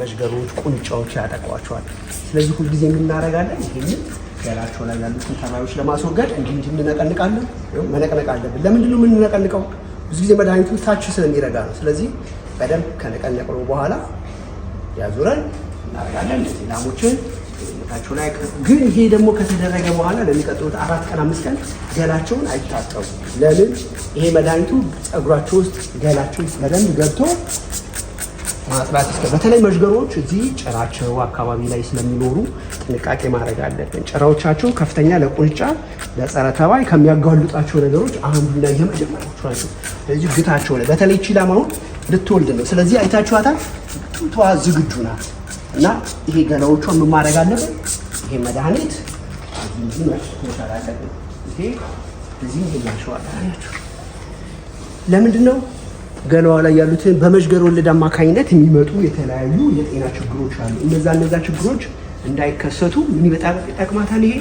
መዥገሮች፣ ቁንጫዎች ያጠቋቸዋል። ስለዚህ ሁልጊዜ የምናደርጋለን ይህንን ገላቸው ላይ ያሉትን ተባዮች ለማስወገድ እንዲህ እንዲህ እንነቀንቃለን። መነቀነቅ አለብን። ለምንድን ነው የምንነቀንቀው? ብዙ ጊዜ መድኃኒቱ ታች ስለሚረጋ ነው። ስለዚህ በደንብ ነው በኋላ ያዙረን እናደርጋለን። ላሞችን ታቸው ላይ ግን ይሄ ደግሞ ከተደረገ በኋላ ለሚቀጥሉት አራት ቀን አምስት ቀን ገላቸውን አይታጠቡ። ለምን? ይሄ መድኃኒቱ ጸጉራቸው ውስጥ ገላቸው በደንብ ገብቶ ማጽዳት እስከ በተለይ መዥገሮች እዚህ ጭራቸው አካባቢ ላይ ስለሚኖሩ ጥንቃቄ ማድረግ አለብን። ጭራዎቻቸው ከፍተኛ ለቁንጫ ለጸረ ተባይ ከሚያጋልጣቸው ነገሮች አንዱና የመጀመሪያዎቹ ናቸው። ስለዚህ ግታቸው ላይ በተለይ ቺላማውን ልትወልድ ነው። ስለዚህ አይታችኋታል፣ ጡቷ ዝግጁ ናት እና ይሄ ገላዎቿ ምን ማድረግ አለብን? ይሄ መድኃኒት እዚህ ይሄ እዚህ ይሄ ለምንድን ነው ገላዋ ላይ ያሉትን በመዥገር ወለድ አማካኝነት የሚመጡ የተለያዩ የጤና ችግሮች አሉ። እነዛ እነዛ ችግሮች እንዳይከሰቱ ምን በጣም ይጠቅማታል። ይሄ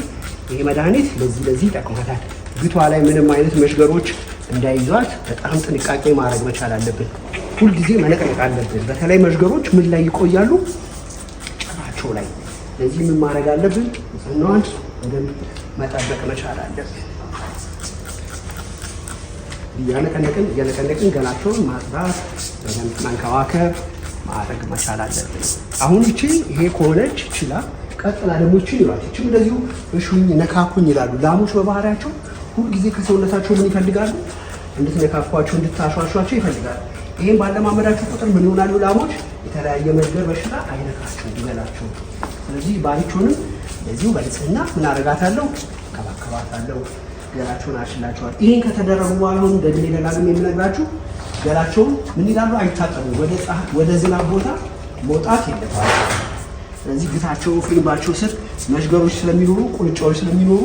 ይሄ መድኃኒት ለዚህ ለዚህ ይጠቅማታል። ግቷ ላይ ምንም አይነት መዥገሮች እንዳይዟት በጣም ጥንቃቄ ማድረግ መቻል አለብን። ሁልጊዜ መነቅነቅ አለብን። በተለይ መዥገሮች ምን ላይ ይቆያሉ? ጭራቸው ላይ። ለዚህ ምን ማድረግ አለብን? ጽናዋን በደንብ መጠበቅ መቻል አለብን። እያነቀነቅን እያነቀነቅን ገላቸውን ማጽዳት መንከባከብ ማድረግ መቻል አለብን። አሁን ይቺ ይሄ ከሆነች ችላ ቀጥላ ደግሞ ይችን ይሏል። ይችም እንደዚሁ እሹኝ ነካኩኝ ይላሉ። ላሞች በባህሪያቸው ሁልጊዜ ከሰውነታቸው ምን ይፈልጋሉ? እንድትነካኳቸው እንድታሸዋሸቸው ይፈልጋሉ። ይህም ባለማመዳቸው ቁጥር ምን ይሆናሉ? ላሞች የተለያየ መንገድ በሽታ አይነካቸው ይገላቸው። ስለዚህ ባሪቾንም በዚሁ በንጽህና ምን አረጋታለሁ ከባከባታለሁ። ገላቸውን አሽላቸዋል። ይህን ከተደረጉ በኋላ አሁን ደግሜ ደጋግሜ የምነግራችሁ ገላቸውን ምን ይላሉ አይታጠቡ። ወደ ዝናብ ቦታ መውጣት የለባቸው። ስለዚህ ግታቸው ፍልባቸው ስር መሽገሮች ስለሚኖሩ ቁንጫዎች ስለሚኖሩ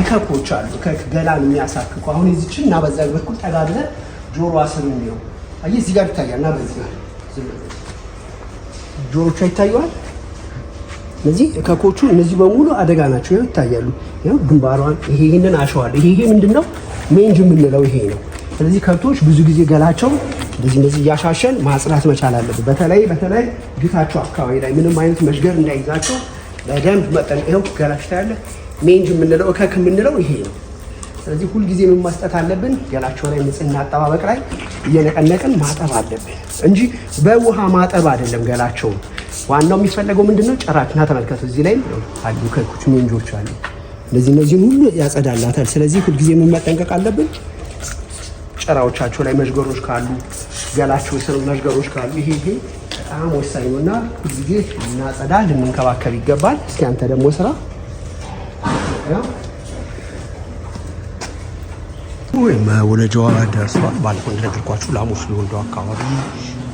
እከኮች አሉ። ገላን የሚያሳክኩ አሁን የዚች እና በዛ በኩል ጠጋ ጆሮ ስር የሚለው አየ እዚህ ጋር ይታያል እና በዚህ ጋር ጆሮቿ ይታየዋል። እነዚህ ከኮቹ እነዚህ በሙሉ አደጋ ናቸው ይታያሉ። ይኸው ግንባሯን፣ ይሄ ይሄንን አሸዋል። ይሄ ይሄ ምንድነው ሜንጅ የምንለው ይሄ ነው። ስለዚህ ከብቶች ብዙ ጊዜ ገላቸው እንደዚህ እንደዚህ እያሻሸን ማጽዳት መቻል አለብን። በተለይ በተለይ ፊታቸው አካባቢ ላይ ምንም አይነት መሽገር እንዳይዛቸው በደንብ መጠን። ይኸው ገላችሁ ታያለ። ሜንጅ የምንለው እከክ የምንለው ይሄ ነው። ስለዚህ ሁልጊዜ ምን ማስጠት አለብን? ገላቸው ላይ ንጽህና አጠባበቅ ላይ እየነቀነቅን ማጠብ አለብን እንጂ በውሃ ማጠብ አይደለም ገላቸውን ዋናው የሚፈለገው ምንድነው? ጭራትና ተመልከቱ። እዚህ ላይ አሉ ከኩች ምንጆች አሉ። እነዚህ እነዚህን ሁሉ ያጸዳላታል። ስለዚህ ሁልጊዜ ምን መጠንቀቅ አለብን? ጭራዎቻቸው ላይ መዥገሮች ካሉ፣ ገላቸው ስር መዥገሮች ካሉ ይሄ ይሄ በጣም ወሳኝ ነውና ሁልጊዜ እናጸዳ ልንንከባከብ ይገባል። እስኪ አንተ ደግሞ ስራ መውለጃዋ ደርሷል። ባለፈው እንደነገርኳችሁ ላሞች ሊወልደው አካባቢ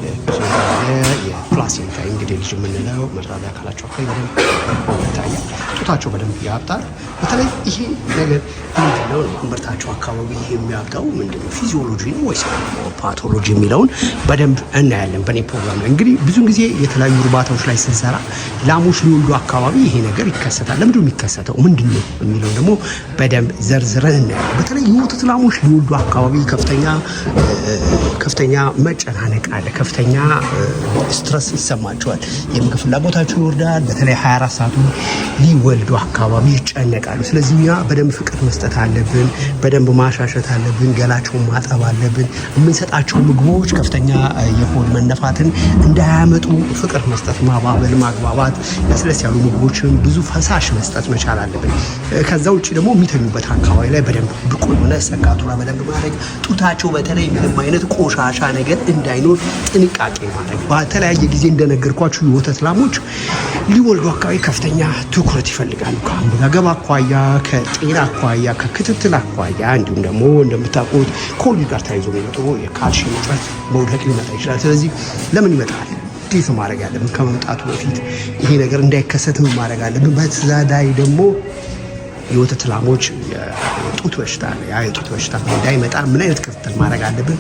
የፕላሴንታ እንግዲህ ልጅ የምንለው መራቢያ አካላቸው አካባቢ በደንብ ይታያል። ጡታቸው በደንብ ያብጣል። በተለይ ይሄ ነገር ምንድነው ነው እምብርታቸው አካባቢ የሚያብጣው ምንድነው? ፊዚዮሎጂ ነው ወይስ ፓቶሎጂ የሚለውን በደንብ እናያለን በእኔ ፕሮግራም ላይ። እንግዲህ ብዙን ጊዜ የተለያዩ እርባታዎች ላይ ስንሰራ ላሞች ሊወልዱ አካባቢ ይሄ ነገር ይከሰታል። ለምንድ የሚከሰተው ምንድነው የሚለው ደግሞ በደንብ ዘርዝረን እናያለን። በተለይ የወተት ላሞች ሊወልዱ አካባቢ ከፍተኛ ከፍተኛ መጨናነቅ አለ ከፍተኛ ስትረስ ይሰማቸዋል። የምግብ ፍላጎታቸው ይወርዳል። በተለይ 24 ሰዓቱ ሊወልዱ አካባቢ ይጨነቃሉ። ስለዚህ ያ በደንብ ፍቅር መስጠት አለብን፣ በደንብ ማሻሸት አለብን፣ ገላቸውን ማጠብ አለብን። የምንሰጣቸው ምግቦች ከፍተኛ የሆድ መነፋትን እንዳያመጡ ፍቅር መስጠት፣ ማባበል፣ ማግባባት፣ ለስለስ ያሉ ምግቦችን ብዙ ፈሳሽ መስጠት መቻል አለብን። ከዛ ውጭ ደግሞ የሚተኙበት አካባቢ ላይ በደንብ ብቁ የሆነ ሰጋቱራ በደንብ ማድረግ ጡታቸው በተለይ ምንም አይነት ቆሻሻ ነገር እንዳይኖር ጥንቃቄ ማድረግ በተለያየ ጊዜ እንደነገርኳችሁ የወተት ላሞች ሊወልዱ አካባቢ ከፍተኛ ትኩረት ይፈልጋሉ። ከአመጋገብ አኳያ፣ ከጤና አኳያ፣ ከክትትል አኳያ እንዲሁም ደግሞ እንደምታውቁት ከወሊድ ጋር ተያይዞ የሚመጡ የካልሽየም እጥረት መውደቅ ሊመጣ ይችላል። ስለዚህ ለምን ይመጣል? እንዴት ማድረግ ያለብን ከመምጣቱ በፊት ይሄ ነገር እንዳይከሰትም ማድረግ አለብን። በዛ ላይ ደግሞ የወተት ላሞች የጡት በሽታ አለ። ያ የጡት በሽታ እንዳይመጣ ምን አይነት ክትትል ማድረግ አለብን?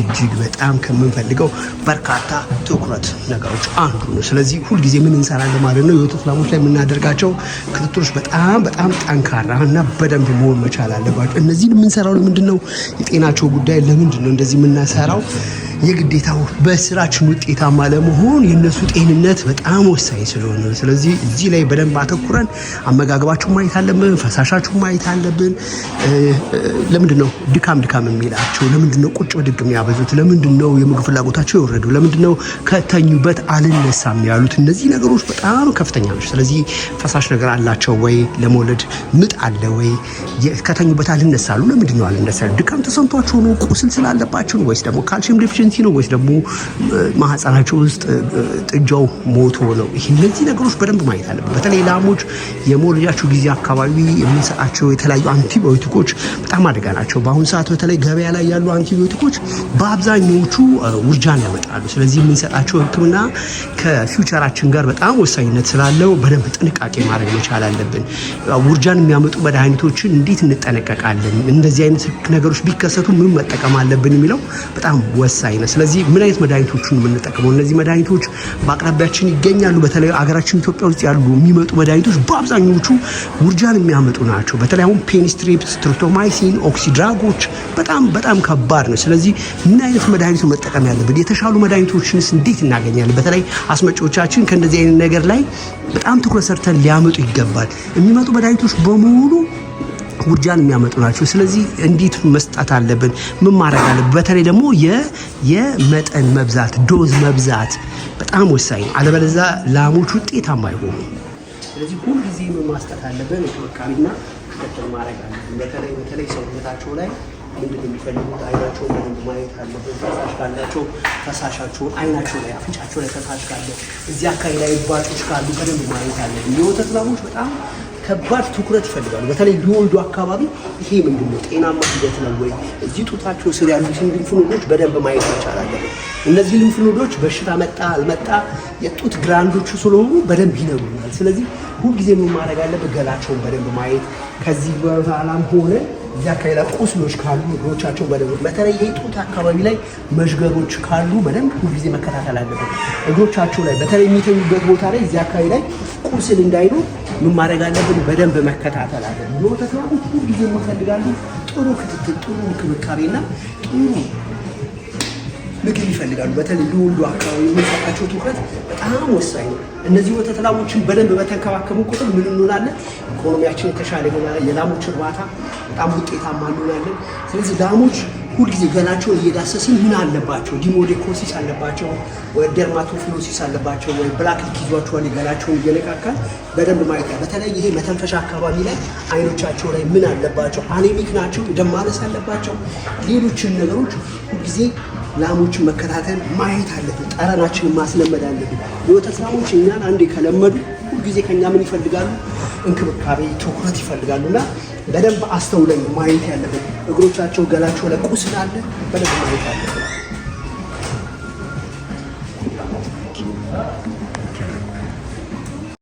እጅግ በጣም ከምንፈልገው በርካታ ትኩረት ነገሮች አንዱ ነው። ስለዚህ ሁልጊዜ ምን እንሰራለን ማለት ነው፣ የወተት ላሞች ላይ የምናደርጋቸው ክትትሎች በጣም በጣም ጠንካራ እና በደንብ መሆን መቻል አለባቸው። እነዚህን የምንሰራው ለምንድን ነው? የጤናቸው ጉዳይ ለምንድን ነው እንደዚህ የምናሰራው? የግዴታው በስራችን ውጤታማ ለመሆን የእነሱ ጤንነት በጣም ወሳኝ ስለሆነ፣ ስለዚህ እዚህ ላይ በደንብ አተኩረን አመጋገባችሁን ማየት አለብን፣ ፈሳሻችሁን ማየት አለብን። ለምንድን ነው ድካም ድካም የሚላቸው? ለምንድን ነው ቁጭ ብድግ የሚያበዙት? ለምንድን ነው የምግብ ፍላጎታቸው የወረዱ? ለምንድን ነው ከተኙበት አልነሳም ያሉት? እነዚህ ነገሮች በጣም ከፍተኛ ናቸው። ስለዚህ ፈሳሽ ነገር አላቸው ወይ? ለመውለድ ምጥ አለ ወይ? ከተኙበት አልነሳሉ? ለምንድን ነው አልነሳሉ? ድካም ተሰምቷቸው ነው ቁስል ስላለባቸው ወይስ ደግሞ ካልሽም ዲፊሽን ፕሬግናንሲ ነው ወይስ ደግሞ ማህፀናቸው ውስጥ ጥጃው ሞቶ ነው? ይህ እነዚህ ነገሮች በደንብ ማየት አለብን። በተለይ ላሞች የመውለጃቸው ጊዜ አካባቢ የምንሰጣቸው የተለያዩ አንቲባዮቲኮች በጣም አደጋ ናቸው። በአሁኑ ሰዓት በተለይ ገበያ ላይ ያሉ አንቲባዮቲኮች በአብዛኛዎቹ ውርጃን ያመጣሉ። ስለዚህ የምንሰጣቸው ሕክምና ከፊውቸራችን ጋር በጣም ወሳኝነት ስላለው በደንብ ጥንቃቄ ማድረግ መቻል አለብን። ውርጃን የሚያመጡ መድኃኒቶችን እንዴት እንጠነቀቃለን? እንደዚህ አይነት ነገሮች ቢከሰቱ ምን መጠቀም አለብን የሚለው በጣም ወሳኝ እንችላለን። ስለዚህ ምን አይነት መድኃኒቶቹን የምንጠቅመው? እነዚህ መድኃኒቶች በአቅራቢያችን ይገኛሉ። በተለይ ሀገራችን ኢትዮጵያ ውስጥ ያሉ የሚመጡ መድኃኒቶች በአብዛኞቹ ውርጃን የሚያመጡ ናቸው። በተለይ አሁን ፔኒስትሪፕ፣ ስትሪፕቶማይሲን፣ ኦክሲድራጎች በጣም በጣም ከባድ ነው። ስለዚህ ምን አይነት መድኃኒቶች መጠቀም ያለብን፣ የተሻሉ መድኃኒቶችንስ እንዴት እናገኛለን? በተለይ አስመጪዎቻችን ከእንደዚህ አይነት ነገር ላይ በጣም ትኩረት ሰርተን ሊያመጡ ይገባል። የሚመጡ መድኃኒቶች በሙሉ ውርጃን የሚያመጡ ናቸው። ስለዚህ እንዴት መስጣት አለብን? ምን ማድረግ አለብን? በተለይ ደግሞ የመጠን መብዛት፣ ዶዝ መብዛት በጣም ወሳኝ ነው። አለበለዛ ላሞች ውጤታማ አይሆኑም። ስለዚህ ሁልጊዜ ምን ማስጠት አለብን? እንክብካቤና ክትትል ማድረግ አለብን። በተለይ በተለይ ሰውነታቸው ላይ ምንድን የሚፈልጉት አይናቸው ምንም ማየት አለብን። ፈሳሽ ካላቸው ፈሳሻቸው አይናቸው ላይ አፍንጫቸው ላይ ፈሳሽ ካለ እዚህ አካባቢ ላይ ባጮች ካሉ በደንብ ማየት አለብን። የወተት ላሞች በጣም ከባድ ትኩረት ይፈልጋሉ። በተለይ ቢወልዱ አካባቢ ይሄ ምንድን ነው ጤናማ ሂደት ነው ወይ? እዚህ ጡታቸው ስር ያሉትን ልንፍኖዶች በደንብ ማየት ይቻላለን። እነዚህ ልንፍኖዶች በሽታ መጣ አልመጣ የጡት ግራንዶቹ ስለሆኑ በደንብ ይነግሩናል። ስለዚህ ሁልጊዜ ምን ማድረግ አለብህ? ገላቸውን በደንብ ማየት ከዚህ በኋላም ሆነ እዚያ ከሌላ ቁስሎች ካሉ እግሮቻቸው በደንብ በተለይ የጡት አካባቢ ላይ መዥገሮች ካሉ በደንብ ሁልጊዜ መከታተል አለበት። እግሮቻቸው ላይ በተለይ የሚተኙበት ቦታ ላይ እዚያ አካባቢ ላይ ቁስል እንዳይኖር ምን ማድረግ አለብን? በደንብ መከታተል አለብን። የወተት ላሞች ጊዜ የምፈልጋሉ ጥሩ ክትትል፣ ጥሩ እንክብካቤና ጥሩ ምግብ ይፈልጋሉ። በተለይ ለወልዱ አካባቢ የምንሰጣቸው ትኩረት በጣም ወሳኝ ነው። እነዚህ ወተት ላሞችን በደንብ በተንከባከቡ ቁጥር ምን እንሆናለን? ኢኮኖሚያችን የተሻለ የላሞች እርባታ በጣም ውጤታማ እንሆናለን። ስለዚህ ላሞች ሁልጊዜ ገላቸው እየዳሰስን ምን አለባቸው፣ ዲሞዴኮሲስ አለባቸው፣ ደርማቶፊሎሲስ አለባቸው ወይ ብላክ ሊክ ይዟቸዋል፣ ገላቸውን እየነቃካል በደንብ ማየት። በተለይ ይሄ መተንፈሻ አካባቢ ላይ አይኖቻቸው ላይ ምን አለባቸው፣ አኔሚክ ናቸው፣ ደም አለባቸው፣ ሌሎችን ነገሮች ሁልጊዜ ላሞችን መከታተል ማየት አለብን። ጠረናችንን ማስለመድ አለብን። የወተት ላሞች እኛን አንዴ ከለመዱ ጊዜ ከኛ ምን ይፈልጋሉ? እንክብካቤ፣ ትኩረት ይፈልጋሉ። እና በደንብ አስተውለን ማየት ያለብን እግሮቻቸው ገላቸው ለቁስል አለ፣ በደንብ ማየት አለብን።